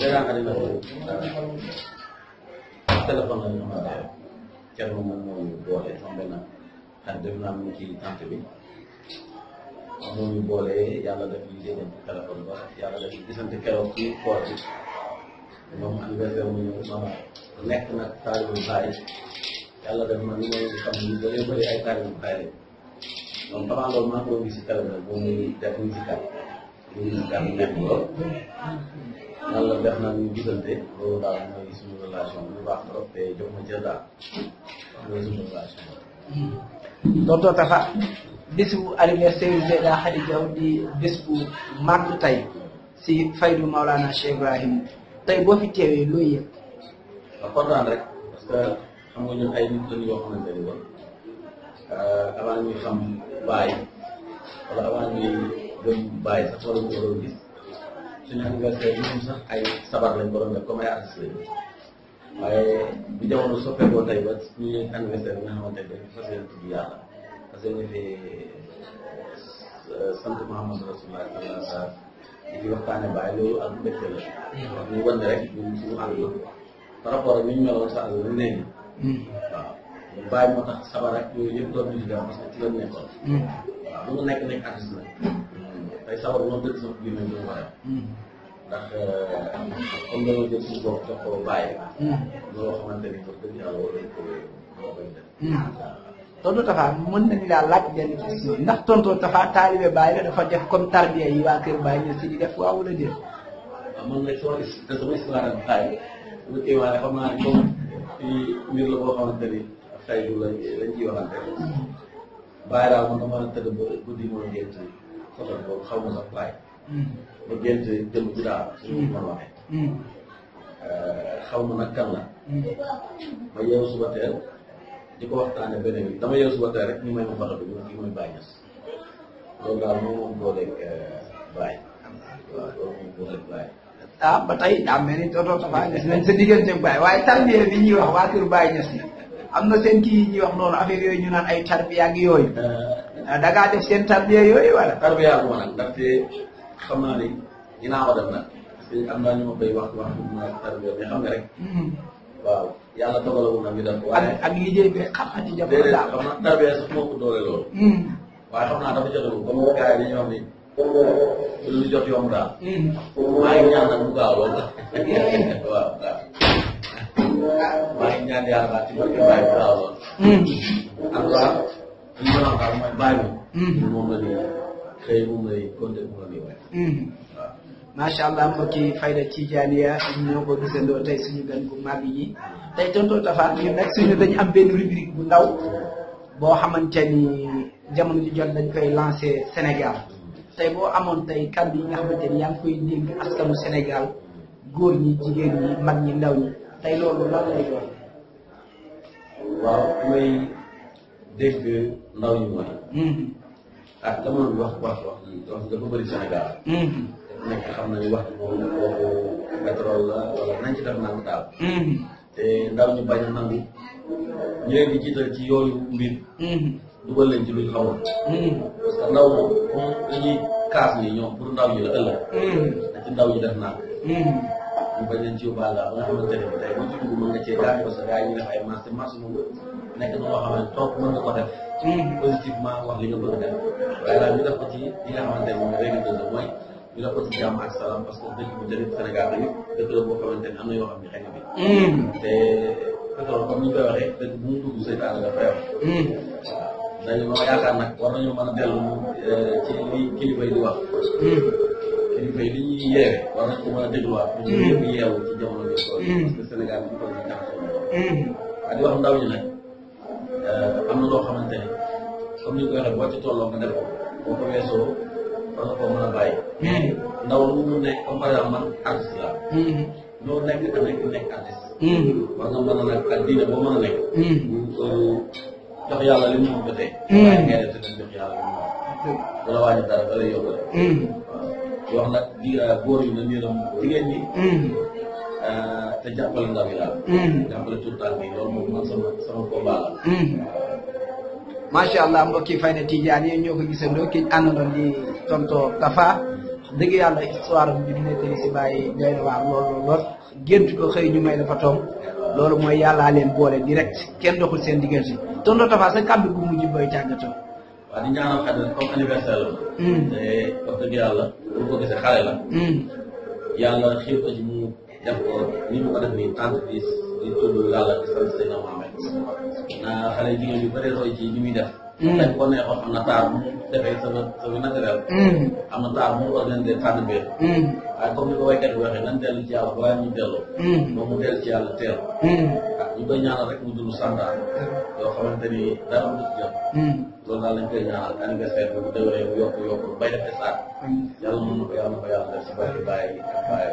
Jangan ada nama. Telepon la ñu mën a Thierno moom moo ñu boole tombé na ndax def naa mu ci tant bi moo ñu boole yàlla def ñu déggante téléphone ba yàlla def ñu gisante keroog ci koor bi moom anniversaire mu ñëw sama nekk nag taalibu baay yàlla def man ni ma leen xam ñu bëree bëri ay taalibu baay lañ donc avant loolu maa ngi ko gis si téléphone boobu muy def ñu si kàddu ñu ngi si kàddu nekk lool. yàlla def na ñu gisante loolu daal mooy suñu relation bu baax trop te jox ma cër Tafa bis bu anniversaire Zeyda Khady Diaw di bis bu màgg tey si faydu Maolana Cheikh Ibrahim tey boo fi teewee looy yëg waaw rek parce que xam nga ñun ay nit lañu yoo xamante euh, wala avant ñuy gëm baay sax wala ñu war a suñu anniversaire yi ñoom sax ay sabar lañ waroon def comme ay artistes lañu waaye bu jamono soppeekoo tey ba suñu anniversaire bi nga xamante ne dañu fas yéene tudd yàlla parce que ñu fi euh, sant Muhammad Rasulullah sallallahu di ci waxtaane bàyyi loolu ak mbégte la. wax ñu wan rek ñun suñu ànd par rapport ak ni ñu meloon sa àll bi nee hmm. waaw ñu bàyyi moo sabar ak yooyu yëpp doon ñu di def parce que ci la nekkoon. Hmm. waaw lu mu nekk nekk artiste la. day sawar moom dëkk sama biir nañ ñoo waral ndax comme euh, dañoo jël suñu bopp jox ko bàyyi mm. loo xamante ni pour dëgg yàlla war nañ ko war nañ def mm. tontu Tafa mën nañu laa laaj benn question ndax tontu Tafa taalibe Baye la dafa def comme tarbiya yi waa kër Baye ñu si di def waaw wala déet. waaw ah, man nag sama is sama histoire ak Baye bu tey waaye xam naa ne comme fii mbir la boo xamante ni ak tey du lañ lañ ciy waxante. Baye daal man damaa tëdd ba guddi moo ngeen ci. façon boobu xaw ma sax waaye. ba gént jëm ci daal. suñu mën waxee. xaw ma nag kan la. ma yeewu suba teel di ko waxtaanee beneen bi dama yeewu suba teel rek ñu may ma faxatu ñu kii mooy bàyyi ñas loolu daal moom moom booleeg bàyyi. waaw loolu moom booleeg bàyyi. ah ba tey daa mel ni dootoo tabaay ñas nañ sa digganteeg bàyyi waaye tarbiya bi ñuy wax waa kër bàyyi ñas na am na seen kii yi ñuy wax noonu affaire yooyu ñu naan ay tarbiya ak yooyu. Ah, da ngaa def seen tarbiya yooyu wala. tarbiya bu ma nag ndaxte xam naa ne ko def nag parce am naa ñu ma wax wax ma tarbiya bi xam nga rek. waaw yàlla dogalagum na ñu def ko. ak liggéey bi xam ci jamono daal xam naa tarbiya sax moo doole loolu. xam dafa ni. lu ñaan gaaw lool. ci gaaw lool. li ma la wax daal mooy bàyyi moom. moom la ñuy xëy tey suñu gan bu màgg yi tey tonton Tafa ñun nag suñu dañu am benn rubrique bu ndaw boo xamante ni jamono ji jot dañ koy lancé Sénégal tey boo amoon tey kàddu yi nga xamante ni yaa ngi koy dégg askanu Sénégal góor ñi jigéen ñi mag ñi ndaw ñi tey loolu lan lay doon. waaw mooy. dégg ndaw ñu war ah jamono bi wax wax wax wax dafa bëri mm-hmm. wax moom waxu pétrole la wala nañ ci def nangu daal mm-hmm. te ndaw ñu bañ a nangu ñu leen di jiital ci yooyu mbir mm-hmm. dugal leen ci luñ xamoon parce que ndaw moom comme dañuy kaas ni ñoom pour ndaw ñi la ëllëg da ci ñu bañ a jiw baal la ba nga xamante ne tey bu ñu mën nga cee daal parce que gars yi ñu def ay marché marché nekk na loo xam ne positivement wax li nga bëgg a def waaye daal ñu def ak salaam parce que dëkk bu jëlee Sénégal tamit dëkk la boo xamante am na yoo xam ne xëy na bi. Mm. te pétrole comme ni ñu koy waxee dëkk bu mu dugg seytaane nga fay mm. wax. ma yaakaar nag war nañoo mën a dellu euh, ci li kilifa yi wax. Mm. kilifa yi li ñuy yeewe war nañ ko a dégluwaat. ñu ñëpp yeewu ci jamono bi tool yi. Mm. parce que Sénégal bi tool yi taxaw na. di wax ndaw ñi euh, am na loo xamante ne comme ni ñu ko waxee boo ci def ko ko weesoo war ko mën a mm. ndaw lu mu nekk comme par exemple man artiste la. ñoo mm. nekk da nekk nekk artiste. war nga mën nag ak diine boo mën a euh, jox yàlla li mu mën ba tey. waaye ngay jox yàlla li mu mën. dara waaj dara da lay yóbbu rek. wax nag di euh, góor yi na niiram jigéen ñi mm. euh, te jàppale ndaw yi daal mm. jàppale tout temps bi loolu moom man sama sama combat la mm. macha allah mbokki fayda ko gisandoo ki dëgg yàlla histoire bi ñu nettali si bàyyi doy waar lool lool gént ko ñu may dafa toom loolu mooy yàllaa leen boole direct kenn doxul seen diggante tonto Tafa sa kàddu gu mujj booy tàggatoo waaw di ñaanal xajal comme anniversaire la. Hmm. te wax dëgg yàlla bu ko gisee xale la. Hmm. yàlla xiir ko ci mu def ko ni mu ko def nii tànk di di tudd yàlla di sant Seydina Mohamed. na xale jigéen yu bëree roy ci li muy def. nag boo neexoon am na taar bu defee sama sama naturel. Mm. am na taar bu war leen dee tànn biir. Mm. waaye comme ni ko waykat bi waxee nan dellu ci yàlla balaa ñuy delloo. moom mu dellu ci yàlla teel. waaw mm. ñu koy ñaanal rek mu dund sandaar. yoo xamante ni dara mu dugg jàpp. loolu daal lañ koy ñaanal anniversaire bi bu déwénee mu yokk yokk bay def ci saak. yàlla mën na ko yàlla na ko yàlla def si bàyyi bàyyi ak bàyyi.